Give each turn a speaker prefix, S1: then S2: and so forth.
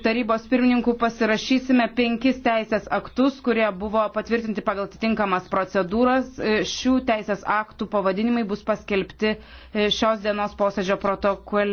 S1: tarybos pirmininkų pasirašysime penkis teisės aktus, kurie buvo patvirtinti pagal atitinkamas procedūras. E, šių teisės aktų pavadinimai bus paskelbti e, šios dienos posėdžio protokole.